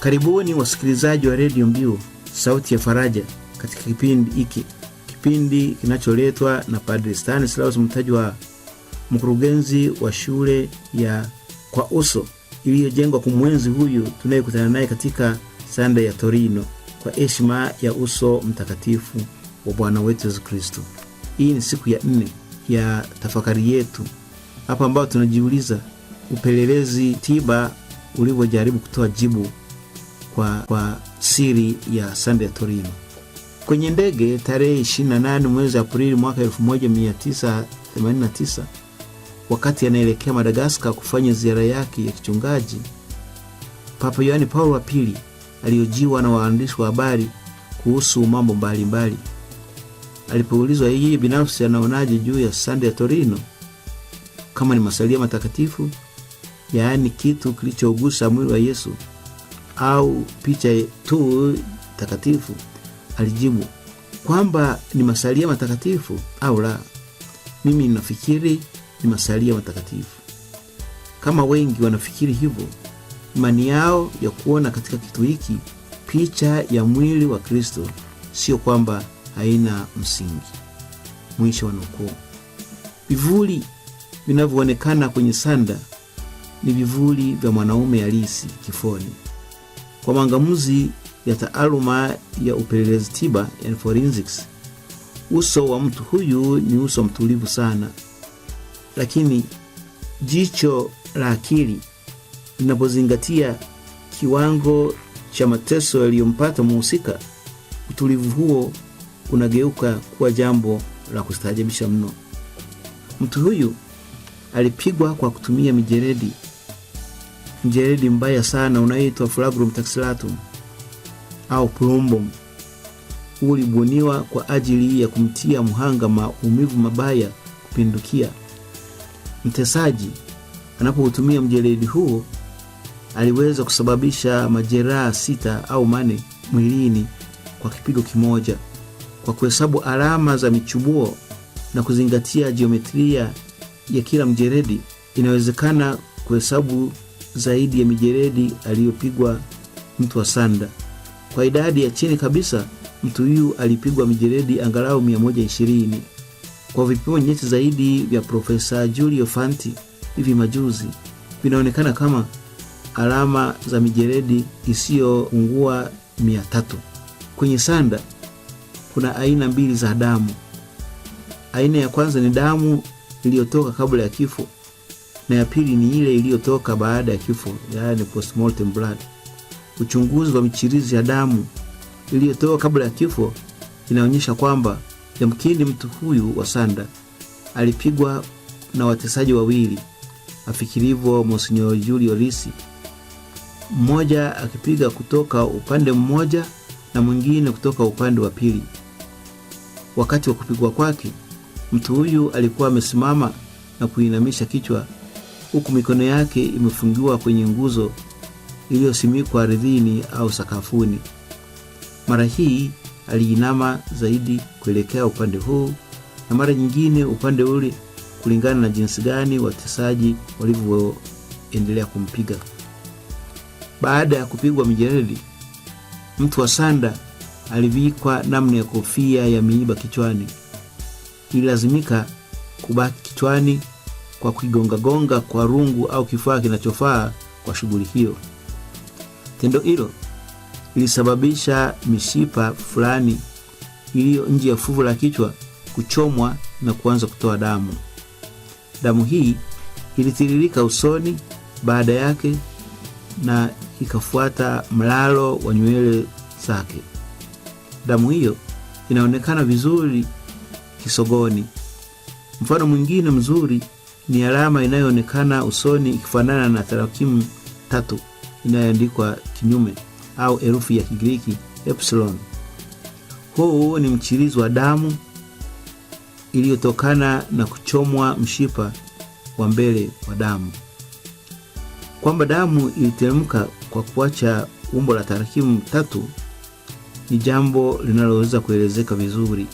Karibuni wasikilizaji wa redio Mbiu sauti ya faraja katika kipindi hiki, kipindi kinacholetwa na Padri Stanislaus wa mkurugenzi wa shule ya Kwa Uso iliyojengwa kumwenzi huyu tunayekutana naye katika sanda ya Torino kwa heshima ya uso mtakatifu wa Bwana wetu Yesu Kristo. Hii ni siku ya nne ya tafakari yetu hapo ambayo tunajiuliza upelelezi tiba ulivyojaribu kutoa jibu kwa, kwa siri ya San Torino. kwenye ndege tarehe 28 mwezi Aprili mwaka 1989 wakati anaelekea Madagaskar kufanya ziara yake ya kichungaji, Papa Yohani Paulo wa pili aliyojiwa na waandishi wa habari kuhusu mambo mbalimbali. Alipoulizwa yeye binafsi anaonaje juu ya sande ya torino kama ni masalia matakatifu, yaani kitu kilichougusa mwili wa Yesu, au picha tu takatifu? Alijibu kwamba ni masalia matakatifu au la. Mimi ninafikiri ni masalia matakatifu. Kama wengi wanafikiri hivyo, imani yao ya kuona katika kitu hiki picha ya mwili wa Kristo sio kwamba haina msingi. Mwisho wa nukuu. Vivuli vinavyoonekana kwenye sanda ni vivuli vya mwanaume halisi kifoni kwa mang'amuzi ya taaluma ya upelelezi tiba yani forensics. Uso wa mtu huyu ni uso mtulivu sana, lakini jicho la akili linapozingatia kiwango cha mateso yaliyompata muhusika, utulivu huo unageuka kuwa jambo la kustaajabisha mno. Mtu huyu alipigwa kwa kutumia mijeledi mjeledi mbaya sana unaitwa Flagrum taxilatum au plumbum ulibuniwa kwa ajili ya kumtia mhanga maumivu mabaya kupindukia. Mtesaji anapohutumia mjeledi huo aliweza kusababisha majeraha sita au mane mwilini kwa kipigo kimoja. Kwa kuhesabu alama za michubuo na kuzingatia jiometria ya kila mjeredi inawezekana kuhesabu zaidi ya mijeredi aliyopigwa mtu wa sanda. Kwa idadi ya chini kabisa, mtu huyu alipigwa mijeredi angalau 120 kwa vipimo nyeti zaidi vya Profesa Julio Fanti hivi majuzi vinaonekana kama alama za mijeredi isiyopungua 300. Kwenye sanda kuna aina mbili za damu. Aina ya kwanza ni damu iliyotoka kabla ya kifo na ya pili ni ile iliyotoka baada ya kifo, yani postmortem blood. Uchunguzi wa michirizi ya damu iliyotoka kabla ya kifo inaonyesha kwamba yamkini mtu huyu wa Sanda alipigwa na watesaji wawili afikirivo Monsignor Julio Risi, mmoja akipiga kutoka upande mmoja na mwingine kutoka upande wa pili. Wakati wa kupigwa kwake, mtu huyu alikuwa amesimama na kuinamisha kichwa huku mikono yake imefungiwa kwenye nguzo iliyosimikwa ardhini au sakafuni. Mara hii aliinama zaidi kuelekea upande huu na mara nyingine upande ule, kulingana na jinsi gani watesaji walivyoendelea kumpiga. Baada ya kupigwa mijeledi, mtu wa sanda alivikwa namna ya kofia ya miiba kichwani. Ililazimika kubaki kichwani kwa kuigongagonga kwa rungu au kifaa kinachofaa kwa shughuli hiyo. Tendo hilo lilisababisha mishipa fulani iliyo nje ya fuvu la kichwa kuchomwa na kuanza kutoa damu. Damu hii ilitiririka usoni, baada yake na ikafuata mlalo wa nywele zake. Damu hiyo inaonekana vizuri kisogoni. Mfano mwingine mzuri ni alama inayoonekana usoni ikifanana na tarakimu tatu inayoandikwa kinyume au herufi ya Kigiriki epsilon. Huu ni mchirizi wa damu iliyotokana na kuchomwa mshipa wa mbele wa damu, kwamba damu iliteremka kwa kuacha umbo la tarakimu tatu ni jambo linaloweza kuelezeka vizuri.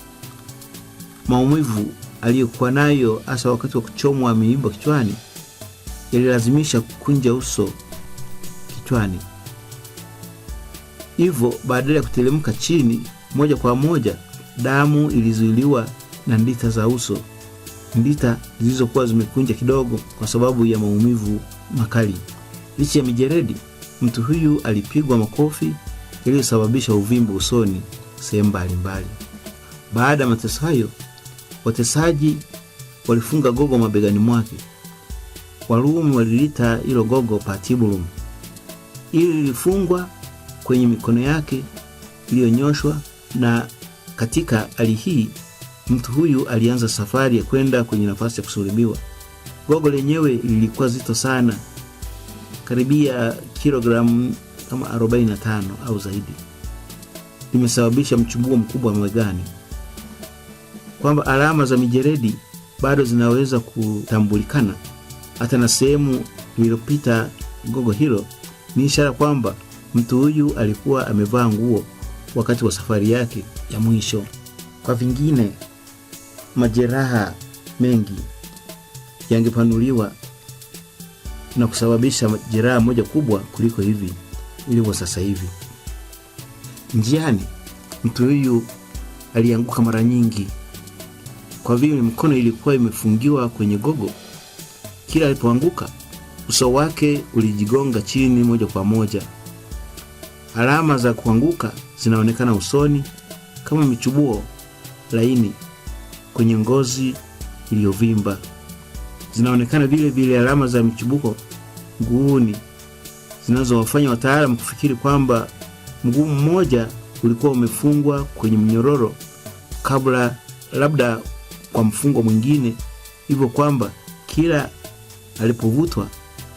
Maumivu aliyokuwa nayo hasa wakati wa kuchomwa miimbo kichwani yalilazimisha kukunja uso kichwani. Hivyo badala ya kuteremka chini moja kwa moja, damu ilizuiliwa na ndita za uso, ndita zilizokuwa zimekunja kidogo kwa sababu ya maumivu makali. Licha ya mijeredi, mtu huyu alipigwa makofi yaliyosababisha uvimbe usoni sehemu mbalimbali. Baada ya mateso hayo Watesaji walifunga gogo mabegani mwake. Warumi walilita hilo gogo patibulum, ili lilifungwa kwenye mikono yake iliyonyoshwa. Na katika hali hii mtu huyu alianza safari ya kwenda kwenye nafasi ya kusulubiwa. Gogo lenyewe lilikuwa zito sana, karibia kilogramu kama 45 au zaidi. Limesababisha mchubuo mkubwa mabegani kwamba alama za mijeledi bado zinaweza kutambulikana hata na sehemu lililopita gogo hilo, ni ishara kwamba mtu huyu alikuwa amevaa nguo wakati wa safari yake ya mwisho. Kwa vingine, majeraha mengi yangepanuliwa na kusababisha jeraha moja kubwa kuliko hivi ilivyo sasa hivi. Njiani, mtu huyu alianguka mara nyingi kwa vile mikono ilikuwa imefungiwa kwenye gogo. Kila alipoanguka uso wake ulijigonga chini moja kwa moja. Alama za kuanguka zinaonekana usoni kama michubuo laini kwenye ngozi iliyovimba. Zinaonekana vile vile alama za michubuko mguuni zinazowafanya wataalamu kufikiri kwamba mguu mmoja ulikuwa umefungwa kwenye mnyororo kabla labda kwa mfungo mwingine, hivyo kwamba kila alipovutwa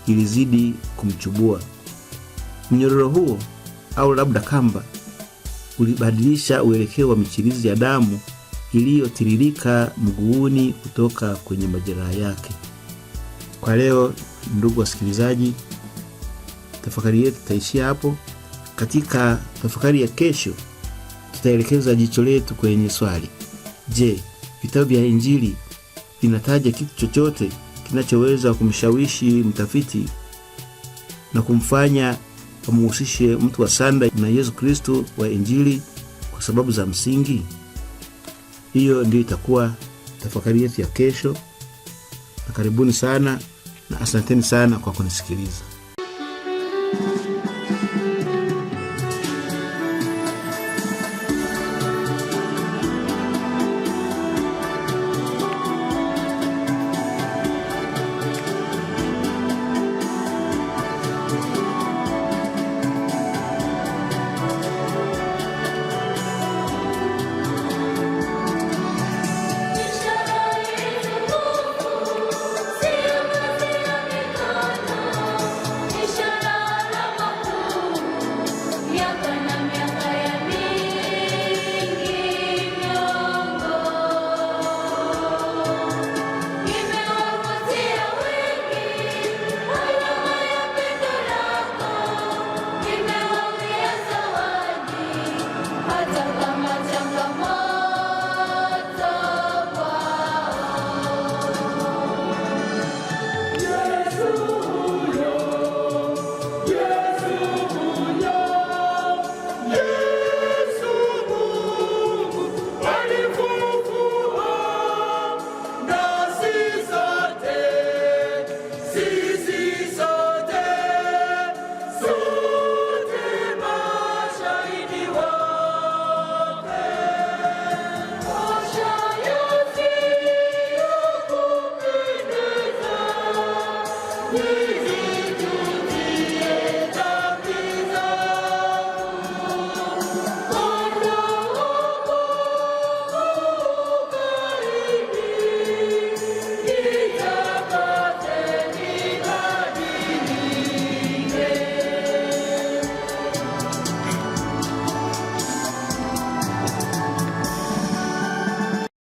ilizidi kumchubua. Mnyororo huo au labda kamba ulibadilisha uelekeo wa michirizi ya damu iliyotiririka mguuni kutoka kwenye majeraha yake. Kwa leo, ndugu wasikilizaji, tafakari yetu itaishia hapo. Katika tafakari ya kesho, tutaelekeza jicho letu kwenye swali: Je, vitabu vya Injili vinataja kitu chochote kinachoweza kumshawishi mtafiti na kumfanya amuhusishe mtu wa sanda na Yesu Kristo wa Injili kwa sababu za msingi? Hiyo ndiyo itakuwa tafakari yetu ya kesho, na karibuni sana na asanteni sana kwa kunisikiliza.